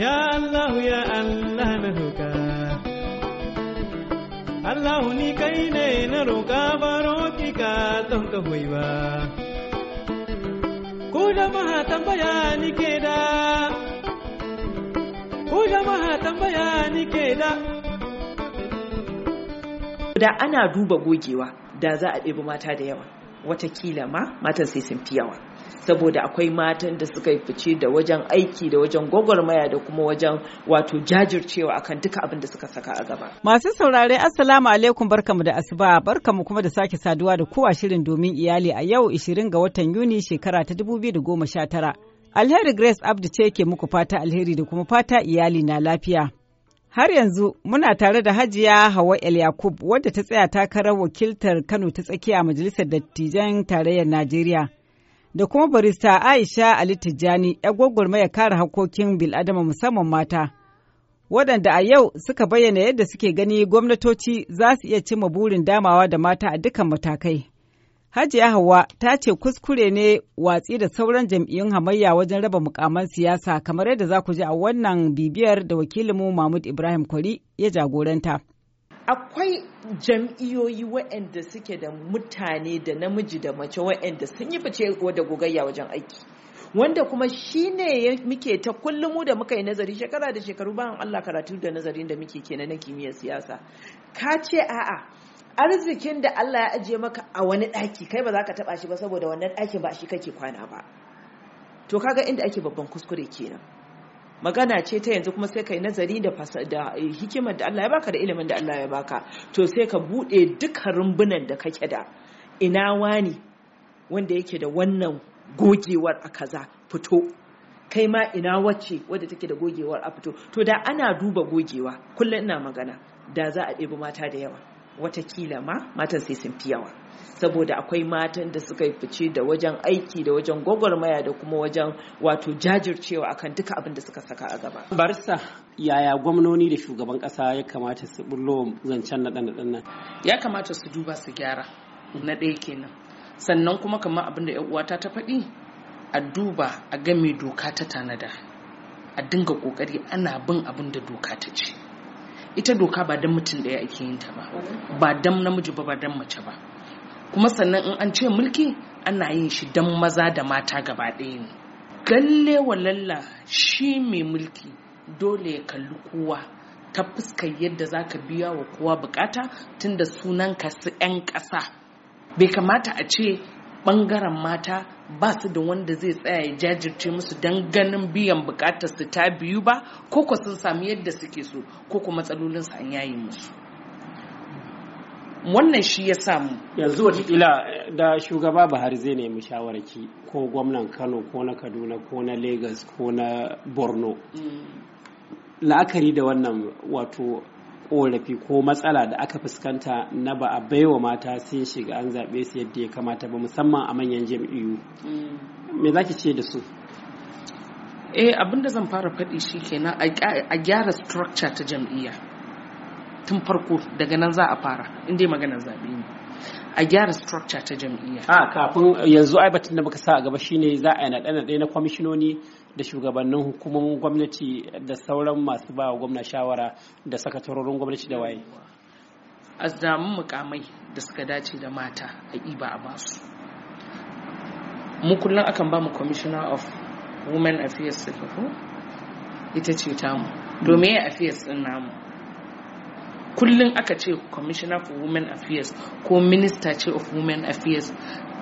Ya Allah ya Allah na roƙa Allah ni kai ne na roƙa baro ki ka don ka hoyi ba Ku maha tambaya ni ke da Ku maha tambaya ni ke da Da ana duba gogewa da za a ɗebi mata da yawa watakila ma matan sai sun fi yawa saboda akwai matan da suka yi fice da wajen aiki da wajen gwagwarmaya da kuma wajen wato jajircewa akan duka abin da suka saka a gaba. Masu saurare Assalamu alaikum barkamu da asuba barkamu kuma da sake saduwa da kowa shirin domin iyali a yau 20 ga watan Yuni shekara ta 2019. Alheri Grace Abdu ce ke muku fata alheri da kuma fata iyali na lafiya. Har yanzu muna tare da Hajiya Hawa El Yakub wadda ta tsaya takarar wakiltar Kano ta tsakiya a Majalisar Dattijan Tarayyar Najeriya. Da kuma barista Aisha Ali Tijjani ya gwagwarmaya kare hakokin bil'adama musamman mata. Waɗanda a yau suka bayyana yadda suke gani gwamnatoci za su iya cimma burin damawa da mata a dukkan matakai. Hajiya Hauwa ta ce kuskure ne watsi da sauran jam'iyyun hamayya wajen raba mukaman siyasa kamar yadda za ku ji a wannan bibiyar da wakilinmu Mahmud Ibrahim Kwari ya jagoranta. Akwai jam'iyyoyi waɗanda suke da mutane da namiji da mace waɗanda sun yi fice da gogayya wajen aiki. Wanda kuma shi ne muke ta kullum da muka yi nazari shekara da shekaru bayan Allah karatu da nazarin da muke kenan na kimiyyar siyasa. Ka ce a'a arzikin da Allah ya ajiye maka a wani ɗaki kai ba za ka taɓa shi ba saboda wannan ɗakin ba shi kake kwana ba to kaga inda ake babban kuskure kenan magana ce ta yanzu kuma sai kai nazari da eh, hikimar da Allah ya baka da ilimin da Allah ya baka to sai ka bude dukkan rumbunan da kake da ina wani wanda yake da wannan gogewar a kaza fito kai ma ina wacce wadda take da gogewar a fito to da ana duba gogewa kullum ina magana da za a ɗebi mata da yawa watakila ma matan sai sun fi yawa saboda akwai matan da suka yi fice da wajen aiki da wajen gwagwarmaya da kuma wajen wato jajircewa akan duka abin da suka saka a gaba. Barsa yaya gwamnoni da shugaban kasa ya kamata su bullo zancen naɗa nan? Ya kamata su duba su gyara na ɗaya kenan. Sannan kuma kamar abin da uwata ta faɗi a duba a game doka ta tanada a dinga ƙoƙari ana bin abin da doka ta ce. ita doka ba don mutum daya ake yin ta ba ba don namiji ba ba don mace ba kuma sannan in an ce mulki ana yin shi don maza da mata gaba ɗaya ne galle walalla shi mai mulki dole ya kalli kowa ta fuskar yadda za ka biya wa kowa bukata tunda sunan ka su 'yan ƙasa bai kamata a ce bangaren mata ba su da wanda zai tsaya ya jajirce musu don ganin biyan bukatar su ta biyu ba ko kuma sun sami yadda suke so ko kuma matsalolin su an yayi musu wannan shi ya samu yanzu watakila eh, da shugaba buhari zai nemi shawarci ko gwamnan kano ko na kaduna ko na lagos ko na borno mm. la'akari da wannan wato korafi ko matsala da aka fuskanta na ba a baiwa mata sun shiga an zaɓe su yadda ya kamata ba musamman a manyan jam'iyyu mm. me za ki ce da su eh abinda zan fara faɗi shi kenan a gyara structure ta jam'iyya tun farko daga nan za a fara inda maganar zaɓe ne a gyara structure ta jam'iyya a ah, kafin yanzu ai batun da muka sa a gaba shine za a yi naɗe ɗaya na kwamishinoni da shugabannin hukumomin gwamnati da sauran masu ba gwamna shawara da sakatarorin gwamnati da waye a zamu mukamai da suka dace da mata a iba a basu mu kullum akan ba mu commissioner of women affairs ita ce tamu domin affairs din namu kullum aka ce commissioner for women affairs ko minister ce of women affairs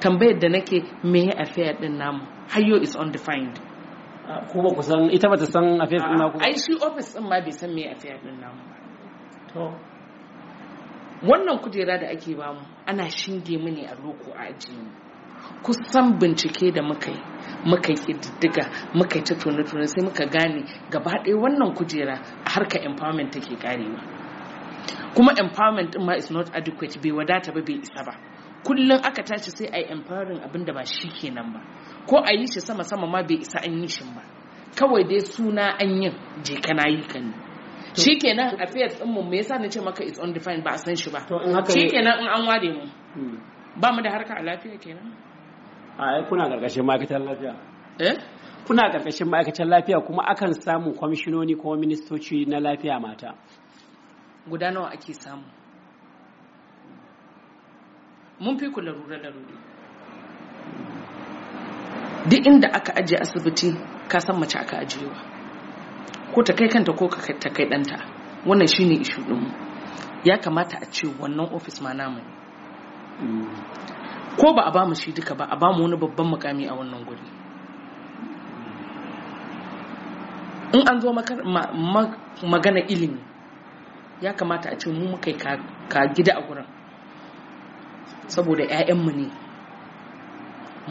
tambayar da nake me affair din namu hayo is undefined ah, ko ba ku san ita ba ta san affair din naku ai shi office din ma bai san me affair din namu to wannan kujera da ake bamu ana shinge mu a loko a ajiye kusan bincike da muka yi muka yi diddiga muka yi ta tone-tone sai muka gane gaba ɗaya wannan kujera a harka empowerment take karewa kuma empowerment din ma is not adequate bai wadata ba bai isa ba kullum aka tashi sai a yi empowering abin da ba shi kenan ba ko a yi shi sama sama ma bai isa an yi shi ba kawai dai suna an yin je kana yi kan a affairs din mu me yasa ce maka its undefined ba a san shi ba shikenan in an ware mu hmm. ba mu da harka a lafiya kenan a kuna gargashin ma'aikatar lafiya eh kuna karkashin ma'aikacin lafiya kuma akan samun kwamishinoni ko ministoci na lafiya mata guda nawa ake samu mun fi ku larura larure duk inda aka ajiye asibiti ka san mace aka ajiyewa ko ta kai kanta ko ta kai ɗanta wannan shine ishu mu. ya kamata a ce wannan ofis ma namu ne ko ba a bamu mu shi duka ba a bamu wani babban mukami a wannan guri in an zo magana ilimi ya kamata a ce mu muka ka gida a gurin saboda mu ne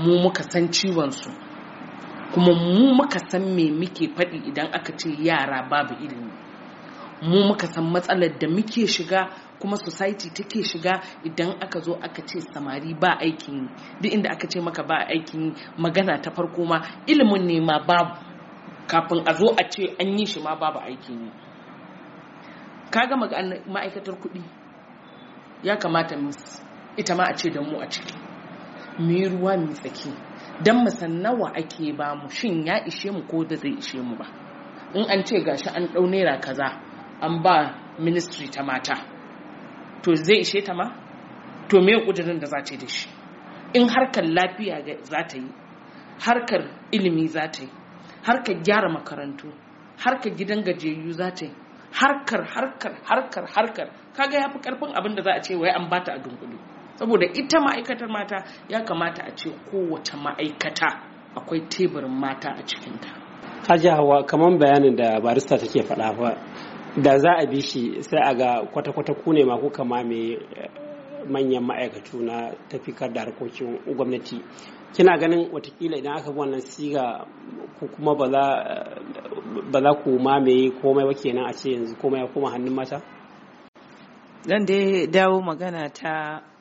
mu muka san ciwonsu kuma mu muka san me muke faɗi idan aka ce yara babu ilimi mu muka san matsalar da muke shiga kuma society take shiga idan aka zo aka ce samari ba aikin yi duk inda aka ce maka ba aikin yi magana ta farko ma ilimin ne ma babu kafin a zo a ce an yi shi ma babu aikin yi Ka kaga ma'aikatar kuɗi ya kamata ita ma a ce da mu a ciki mu ruwa mu tsaki don mu san nawa ake ba mu shin ya ishe mu ko da zai ishe mu ba in an ce gashi an ɗau naira kaza an ba ministry ta mata to zai ishe ta ma to me ƙudurin da za ta yi da shi in harkar lafiya za ta yi harkar ilimi za ta yi harkar gyara makarantu harkar gidan gajiyayyu za ta yi harkar harkar harkar harkar kaga ya fi karfin abin da za a ce wai an bata a dunkulu saboda ita ma'aikatar mata ya kamata a ce kowace ma'aikata akwai teburin mata a cikinta Haji Hawa kamar bayanin da barista take faɗa fa da za a bi shi sai a ga kwata-kwata ku ne ma kama mame eh, manyan ma'aikatu na tafikar da harkokin gwamnati kina ganin watakila idan aka bi wannan siga ko kuma ba za ku mamaye komai ba kenan a ce yanzu komai ya koma hannun mata zan dai dawo magana ta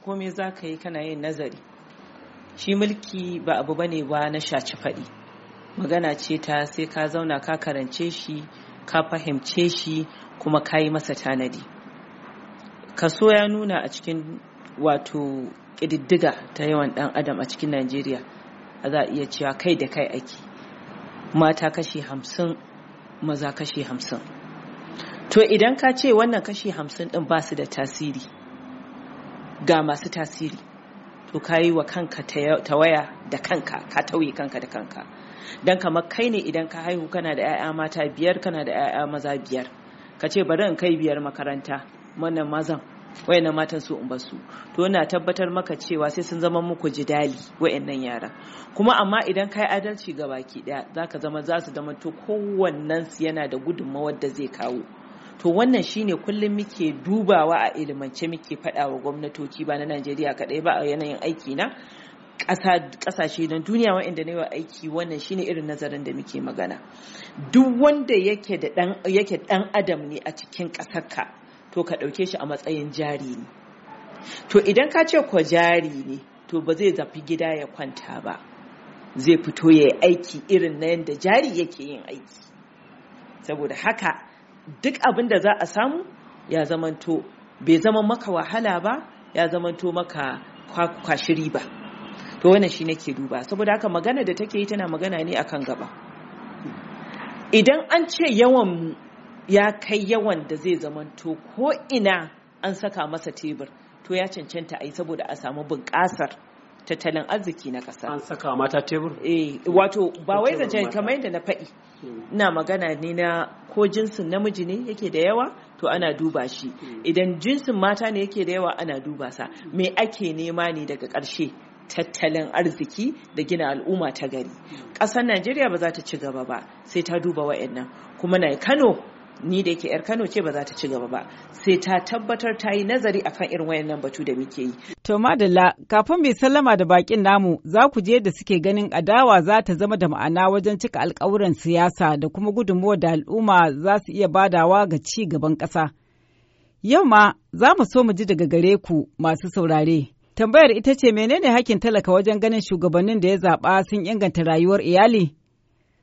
komai za ka yi kana yin nazari shi mulki ba abu bane ba na shaci faɗi magana ce ta sai ka zauna ka karance shi ka fahimce shi kuma ka yi masa tanadi kaso ya nuna a cikin wato kididdiga ta yawan dan adam a cikin najeriya za a iya cewa kai da kai ake mata kashi hamsin maza kashi hamsin to idan ka ce wannan kashi hamsin din ba su da tasiri ga masu tasiri to ka yi wa kanka tawaya da kanka ka tauye kanka da kanka don kamar kai ne idan ka haihu kana da 'ya'ya mata biyar kana da 'ya'ya maza biyar ka ce bari in kai biyar makaranta wannan mazan wayannan matan su in basu to na tabbatar maka cewa sai sun zama muku jidali wayannan yara kuma amma idan kai adalci ga baki daya zaka zama za su zama to kowannen su yana da gudunmawar da zai kawo to wannan shine kullum muke dubawa a ilimance muke faɗawa gwamnatoci ba na Najeriya kaɗai ba a yanayin aiki na ƙasashe na duniya wanda na wa aiki wannan shine irin nazarin da muke magana duk wanda da yake dan adam ne a cikin ƙasarka to ka ɗauke shi a matsayin jari ne to idan ka ce kwa jari ne to ba zai zafi gida ya kwanta ba zai fito ya yi aiki irin na yadda jari yake yin aiki saboda haka duk abin da za a samu ya zamanto bai zama maka wahala ba ya zamanto maka kwashiri ba to wannan shi nake duba saboda haka magana da take yi tana magana ne akan gaba idan an ce yawan ya kai yawan da zai zamanto ko ina an saka masa tebur to ya cancanta a yi saboda a samu bunƙasar tattalin arziki na ƙasa. An saka mata tebur? Eh, wato ba wai zancen kamar yadda na faɗi. Hmm. Ina magana ne na ko jinsin namiji ne yake da yawa to ana duba shi. Hmm. Idan jinsin mata ne yake da yawa ana duba sa. Me ake nema ne daga ƙarshe? tattalin arziki da gina al'umma ta gari. Hmm. Ƙasar Najeriya ba za ta ci gaba ba sai ta duba wa'annan. Kuma na Kano ni da yake 'yar Kano ce ba za ta ci gaba ba sai ta tabbatar ta yi nazari akan irin wayannan batu da muke yi. To madalla kafin mai sallama da bakin namu za ku je da suke ganin adawa za ta zama da ma'ana wajen cika alkawuran siyasa da kuma gudunmuwa da al'umma za su iya badawa ga ci gaban ƙasa. Yau ma za mu so mu ji daga gare ku masu saurare. Tambayar ita ce menene hakin talaka wajen ganin shugabannin da ya zaba sun inganta rayuwar iyali?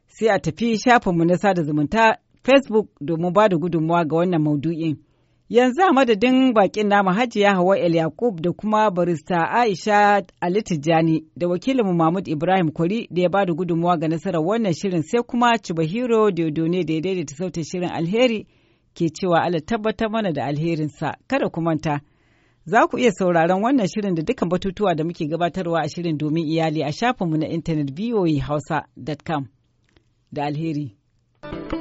Sai a tafi shafinmu na sada zumunta Facebook domin ba da gudunmawa ga wannan maudu'in. Yanzu a madadin bakin namu Hajiya Hawa El Yakub da kuma barista Aisha Ali Tijjani da wakilinmu Mahmud Ibrahim Kwari da ya ba da gudunmawa ga nasarar wannan shirin sai kuma Chibahiro Diodone da ya daidaita sautin shirin alheri ke cewa Allah tabbatar mana da alherinsa kada ku manta. Za ku iya sauraron wannan shirin da dukkan batutuwa da muke gabatarwa a shirin domin iyali a shafinmu na intanet voahausa.com da alheri.